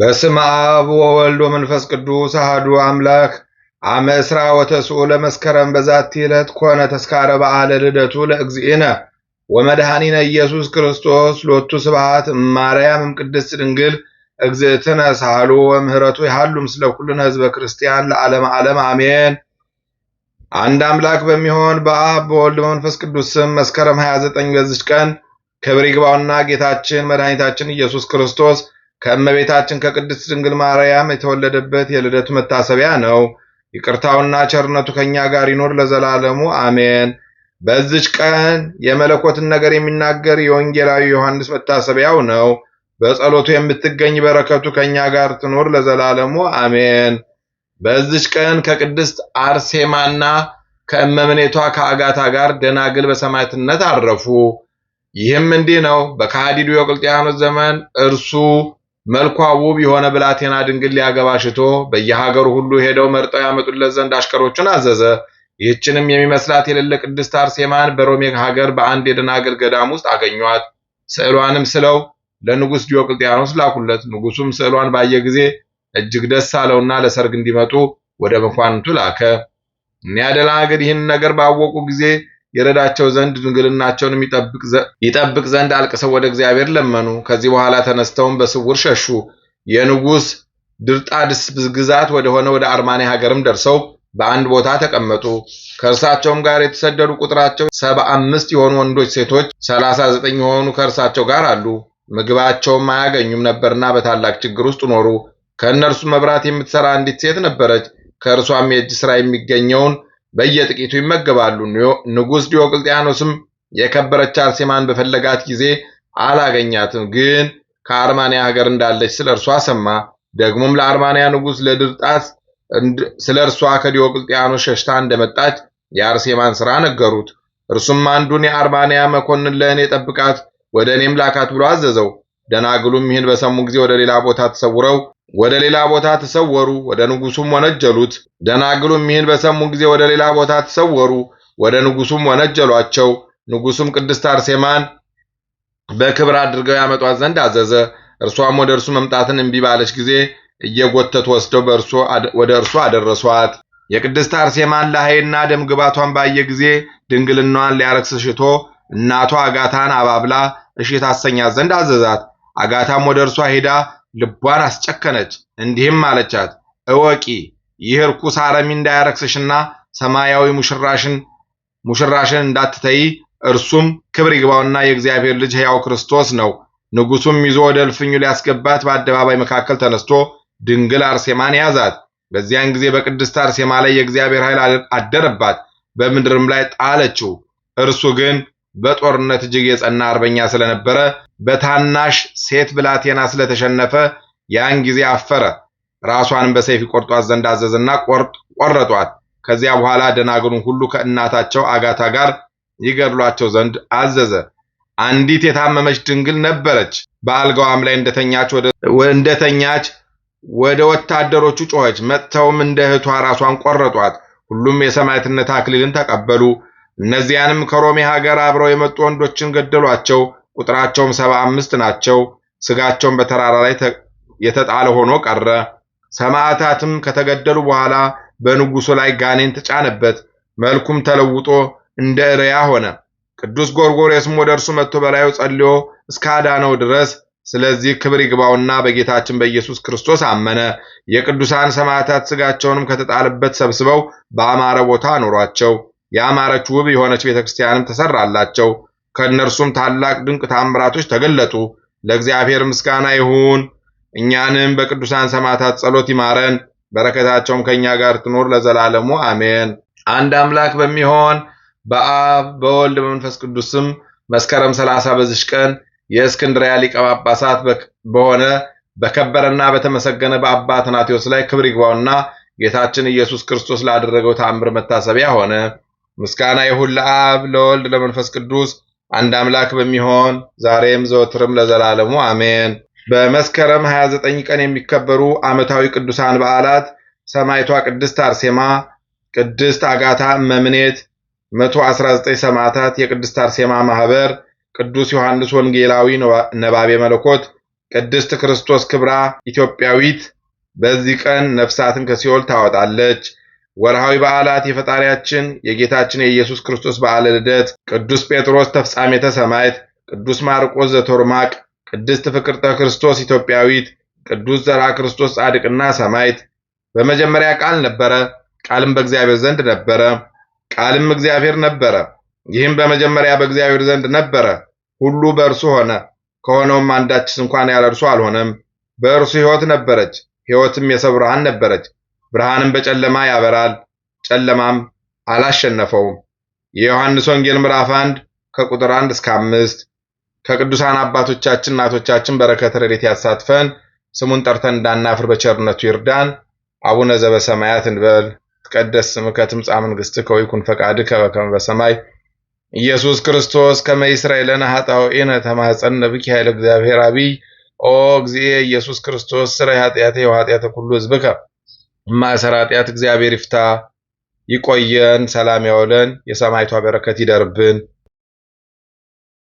በስም አብ ወወልድ ወመንፈስ ቅዱስ አህዱ አምላክ አመ እስራ ወተስኡ ለመስከረም በዛቲ ዕለት ኮነ ተስካረ በዓለ ልደቱ ለእግዚእነ ወመድኃኒነ ኢየሱስ ክርስቶስ ሎቱ ስብሐት እማርያም ቅድስት ድንግል እግዝእትነ ሳሉ ወምህረቱ ያሉ ምስለ ኩልነ ህዝበ ክርስቲያን ለዓለም ዓለም አሜን። አንድ አምላክ በሚሆን በአብ በወልድ በመንፈስ ቅዱስ ስም መስከረም 29 በዚች ቀን ክብር ይግባውና ጌታችን መድኃኒታችን ኢየሱስ ክርስቶስ ከእመቤታችን ከቅድስት ድንግል ማርያም የተወለደበት የልደቱ መታሰቢያ ነው። ይቅርታውና ቸርነቱ ከእኛ ጋር ይኖር ለዘላለሙ አሜን። በዚች ቀን የመለኮትን ነገር የሚናገር የወንጌላዊ ዮሐንስ መታሰቢያው ነው። በጸሎቱ የምትገኝ በረከቱ ከእኛ ጋር ትኖር ለዘላለሙ አሜን። በዚች ቀን ከቅድስት አርሴማና ከእመምኔቷ ከአጋታ ጋር ደናግል በሰማዕትነት አረፉ። ይህም እንዲህ ነው። በከሃዲው ዲዮቅልጥያኖስ ዘመን እርሱ መልኳ ውብ የሆነ ብላቴና ድንግል ሊያገባ ሽቶ በየሀገሩ ሁሉ ሄደው መርጠው ያመጡለት ዘንድ አሽከሮቹን አዘዘ። ይህችንም የሚመስላት የሌለ ቅድስት አርሴማን በሮሜ ሀገር በአንድ የደናግል ገዳም ውስጥ አገኟት። ስዕሏንም ስለው ለንጉሥ ዲዮቅልጥያኖስ ላኩለት። ንጉሱም ስዕሏን ባየ ጊዜ እጅግ ደስ አለውና ለሰርግ እንዲመጡ ወደ መኳንንቱ ላከ። እኒያ ደናግል ይህን ነገር ባወቁ ጊዜ የረዳቸው ዘንድ ድንግልናቸውን ይጠብቅ ዘንድ አልቅሰው ወደ እግዚአብሔር ለመኑ። ከዚህ በኋላ ተነስተውም በስውር ሸሹ። የንጉሥ ድርጣድስ ግዛት ወደሆነ ወደ አርማኔ ሀገርም ደርሰው በአንድ ቦታ ተቀመጡ። ከእርሳቸውም ጋር የተሰደዱ ቁጥራቸው ሰባ አምስት የሆኑ ወንዶች፣ ሴቶች ሰላሳ ዘጠኝ የሆኑ ከእርሳቸው ጋር አሉ። ምግባቸውም አያገኙም ነበርና በታላቅ ችግር ውስጥ ኖሩ። ከእነርሱ መብራት የምትሰራ አንዲት ሴት ነበረች። ከእርሷም የእጅ ሥራ የሚገኘውን በየጥቂቱ ይመገባሉ። ንጉሥ ዲዮቅልጥያኖስም የከበረች አርሴማን በፈለጋት ጊዜ አላገኛትም። ግን ከአርማንያ ሀገር እንዳለች ስለ እርሷ ሰማ። ደግሞም ለአርማንያ ንጉሥ ለድርጣስ ስለ እርሷ ከዲዮቅልጥያኖስ ሸሽታ እንደመጣች የአርሴማን ሥራ ነገሩት። እርሱም አንዱን የአርማንያ መኮንን ለእኔ ጠብቃት፣ ወደ እኔም ላካት ብሎ አዘዘው። ደናግሉም ይህን በሰሙ ጊዜ ወደ ሌላ ቦታ ተሰውረው ወደ ሌላ ቦታ ተሰወሩ። ወደ ንጉሱም ወነጀሉት። ደናግሉም ይህን በሰሙ ጊዜ ወደ ሌላ ቦታ ተሰወሩ። ወደ ንጉሱም ወነጀሏቸው። ንጉሱም ቅድስት አርሴማን በክብር አድርገው ያመጧት ዘንድ አዘዘ። እርሷም ወደ እርሱ መምጣትን እምቢ ባለች ጊዜ እየጎተቱ ወስደው ወደ እርሱ አደረሷት። የቅድስት አርሴማን ለሐይና ደም ግባቷን ባየ ጊዜ ድንግልናዋን ሊያረክስ ሽቶ እናቷ አጋታን አባብላ እሺ ታሰኛት ዘንድ አዘዛት። አጋታም ወደ እርሷ ሄዳ ልቧን አስጨከነች፣ እንዲህም አለቻት፣ እወቂ ይህ ርኩስ አረሚ እንዳያረክስሽና ሰማያዊ ሙሽራሽን ሙሽራሽን እንዳትተይ እርሱም ክብር ይግባውና የእግዚአብሔር ልጅ ሕያው ክርስቶስ ነው። ንጉሱም ይዞ ወደ እልፍኙ ሊያስገባት በአደባባይ መካከል ተነስቶ ድንግል አርሴማን ያዛት። በዚያን ጊዜ በቅድስት አርሴማ ላይ የእግዚአብሔር ኃይል አደረባት፣ በምድርም ላይ ጣለችው። እርሱ ግን በጦርነት እጅግ የጸና አርበኛ ስለነበረ በታናሽ ሴት ብላቴና ስለተሸነፈ ያን ጊዜ አፈረ። ራሷንም በሰይፍ ቆርጧት ዘንድ አዘዘና ቆረጧት። ከዚያ በኋላ ደናግሉን ሁሉ ከእናታቸው አጋታ ጋር ይገድሏቸው ዘንድ አዘዘ። አንዲት የታመመች ድንግል ነበረች። በአልጋዋም ላይ እንደተኛች ወደ ወታደሮቹ ጮኸች። መጥተውም እንደ እህቷ ራሷን ቆረጧት። ሁሉም የሰማዕትነት አክሊልን ተቀበሉ። እነዚያንም ከሮሜ ሀገር አብረው የመጡ ወንዶችን ገደሏቸው። ቁጥራቸውም ሰባ አምስት ናቸው። ስጋቸውም በተራራ ላይ የተጣለ ሆኖ ቀረ። ሰማዕታትም ከተገደሉ በኋላ በንጉሱ ላይ ጋኔን ተጫነበት። መልኩም ተለውጦ እንደ እርያ ሆነ። ቅዱስ ጎርጎርዮስም ወደ እርሱ መጥቶ በላዩ ጸልዮ እስካዳነው ድረስ ስለዚህ ክብር ይግባውና በጌታችን በኢየሱስ ክርስቶስ አመነ። የቅዱሳን ሰማዕታት ስጋቸውንም ከተጣለበት ሰብስበው በአማረ ቦታ አኖሯቸው። ያማረች ውብ የሆነች ቤተክርስቲያንም ተሰራላቸው። ከእነርሱም ታላቅ ድንቅ ታምራቶች ተገለጡ። ለእግዚአብሔር ምስጋና ይሁን። እኛንም በቅዱሳን ሰማዕታት ጸሎት ይማረን፣ በረከታቸውም ከእኛ ጋር ትኖር ለዘላለሙ አሜን። አንድ አምላክ በሚሆን በአብ በወልድ በመንፈስ ቅዱስም መስከረም ሰላሳ በዚች ቀን የእስክንድሪያ ሊቀ ጳጳሳት በሆነ በከበረና በተመሰገነ በአባ አትናቴዎስ ላይ ክብር ይግባውና ጌታችን ኢየሱስ ክርስቶስ ላደረገው ተአምር መታሰቢያ ሆነ። ምስጋና ይሁን ለአብ ለወልድ ለመንፈስ ቅዱስ አንድ አምላክ በሚሆን ዛሬም ዘወትርም ለዘላለሙ አሜን። በመስከረም 29 ቀን የሚከበሩ ዓመታዊ ቅዱሳን በዓላት ሰማይቷ ቅድስት አርሴማ፣ ቅድስት አጋታ እመምኔት፣ 119 ሰማዕታት፣ የቅድስት አርሴማ ማህበር ቅዱስ ዮሐንስ ወንጌላዊ ነባቤ መለኮት፣ ቅድስት ክርስቶስ ክብራ ኢትዮጵያዊት። በዚህ ቀን ነፍሳትን ከሲኦል ታወጣለች። ወርሃዊ በዓላት የፈጣሪያችን የጌታችን የኢየሱስ ክርስቶስ በዓለ ልደት፣ ቅዱስ ጴጥሮስ ተፍጻሜተ ሰማዕት፣ ቅዱስ ማርቆስ ዘቶርማቅ፣ ቅድስት ፍቅርተ ክርስቶስ ኢትዮጵያዊት፣ ቅዱስ ዘርዓ ክርስቶስ ጻድቅና ሰማዕት። በመጀመሪያ ቃል ነበረ፣ ቃልም በእግዚአብሔር ዘንድ ነበረ፣ ቃልም እግዚአብሔር ነበረ። ይህም በመጀመሪያ በእግዚአብሔር ዘንድ ነበረ። ሁሉ በእርሱ ሆነ፣ ከሆነውም አንዳችስ እንኳን ያለ እርሱ አልሆነም። በእርሱ ሕይወት ነበረች፣ ሕይወትም የሰው ብርሃን ነበረች ብርሃንም በጨለማ ያበራል፣ ጨለማም አላሸነፈውም። የዮሐንስ ወንጌል ምዕራፍ 1 ከቁጥር 1 እስከ 5። ከቅዱሳን አባቶቻችን እናቶቻችን በረከተ ረድኤት ያሳትፈን፣ ስሙን ጠርተን እንዳናፍር በቸርነቱ ይርዳን። አቡነ ዘበሰማያት እንበል። ይትቀደስ ስምከ ትምጻእ መንግሥትከ ወይኩን ፈቃድከ በከመ በሰማይ ኢየሱስ ክርስቶስ ከመ ይሥረይ ለነ ኃጣውኢነ ተማኅፀነ ብኪ ኃይለ እግዚአብሔር አብይ ኦ እግዚእ ኢየሱስ ክርስቶስ ሥረይ ኃጢአተ ወኃጢአተ ኩሉ ሕዝብከ የማይሰራ ኃጢአት እግዚአብሔር ይፍታ። ይቆየን፣ ሰላም ያውለን፣ የሰማዕቷ በረከት ይደርብን።